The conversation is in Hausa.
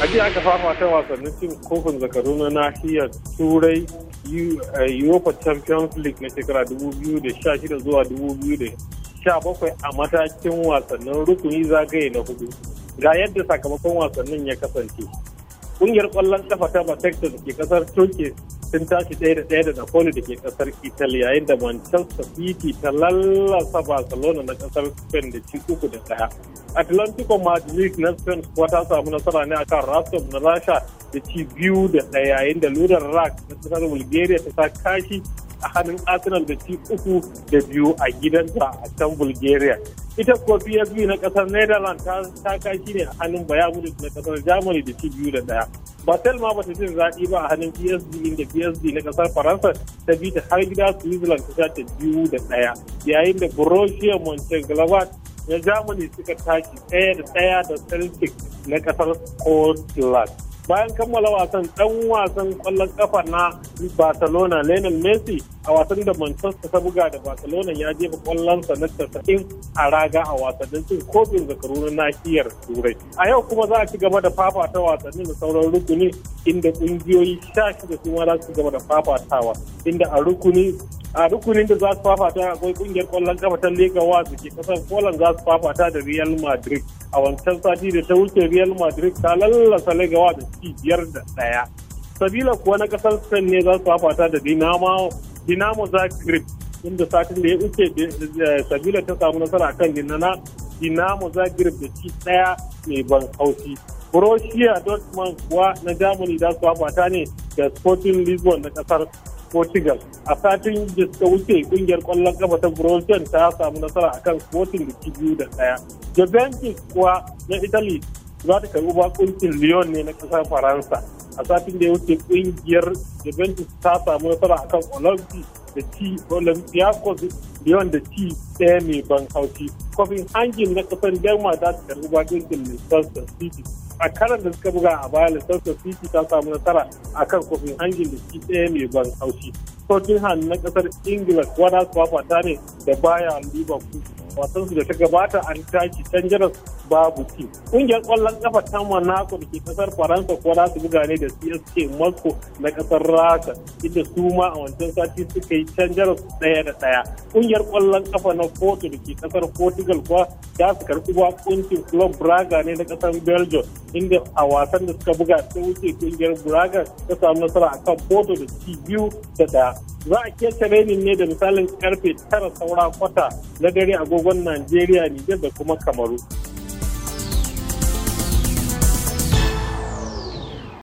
a jiya aka ta wasannin cin kofin zakaru na nahiyar turai europa champions league na shekara 2016 zuwa 2017 a matakin wasannin rukuni zagaye na hudu ga yadda sakamakon wasannin ya kasance kungiyar kwallon kafa ta Batekta da ke kasar Turkey sun tashi ɗaya da ɗaya da Napoli da ke kasar Italy yayin da Manchester City ta lallasa Barcelona na kasar Spain da ci uku da ɗaya. atlantico madrid na spain kuwa ta samu nasara ne akan rostov na rasha da ci biyu da daya yayin da lurar rak na kasar bulgaria ta sa kashi a hannun arsenal da ci uku da biyu a gidanta a can bulgaria ita ko psv na kasar netherlands ta kashi ne a hannun bayamudu na kasar germany da ci biyu da daya ba telma ma ta jin zaɗi ba a hannun psv inda psv na kasar Faransa ta bi ta har gida Switzerland ta ta biyu da daya yayin da Borussia Mönchengladbach na germany suka tashi ɗaya da ɗaya da celtic na ƙasar scotland bayan kammala wasan ɗan wasan ƙwallon ƙafa na barcelona lionel messi a wasan da Manchester ta buga da Barcelona ya jefa kwallonsa na 90 a raga a wasannin cin kofin zakaru na nahiyar Turai. A yau kuma za a ci gaba da fafata wasannin da sauran rukuni inda kungiyoyi 16 su ma za su gaba da fafatawa inda a rukuni a rukunin da za su fafata akwai kungiyar kwallon kafa ta Legawa su ke kasar Poland za su fafata da Real Madrid. A wancan sati da ta wuce Real Madrid ta lallasa Legawa da ci biyar da ɗaya. Sabila kuwa na kasar Spain ne za su fafata da Dinamo dinamo zagreb inda satin da ya wuce sabila ta samu nasara kan dinana dinamo zagreb da ci daya mai ban haushi croatia Dortmund kuwa na Germany za su abata ne da Sporting Lisbon na kasar Portugal. A satin da suka wuce kungiyar kwallon kafa ta Borussia ta samu nasara akan Sporting da ci biyu da ɗaya. Juventus kuwa na Italy za ta karɓi bakuncin Lyon ne na kasar Faransa. a satin da ya wuce kungiyar Juventus ta samu nasara akan Olympic da ci Lyon da ci ɗaya mai ban haushi. Kofin hangin na kasar Denmark za ta karbi bakincin Leicester City. A karan da suka buga a baya Leicester City ta samu nasara akan kofin hangin da ci ɗaya mai ban haushi. Tottenham na kasar Ingila wadda su fafata ne da baya Liverpool. su da ta gabata an tashi can babu ci kungiyar kwallon kafa ta monaco da ke kasar faransa ko za su buga ne da csk moscow na kasar rasha ita su ma a wancan sati suka yi canjar ɗaya daya da daya kungiyar kwallon kafa na porto da ke kasar portugal kuwa ta su karbi bakuncin club braga ne na kasar belgium inda a wasan da suka buga ta wuce kungiyar braga ta samu nasara kan porto da ci biyu da daya za a ke training ne da misalin karfe tara saura kwata na dare agogon najeriya nijar da kuma kamaru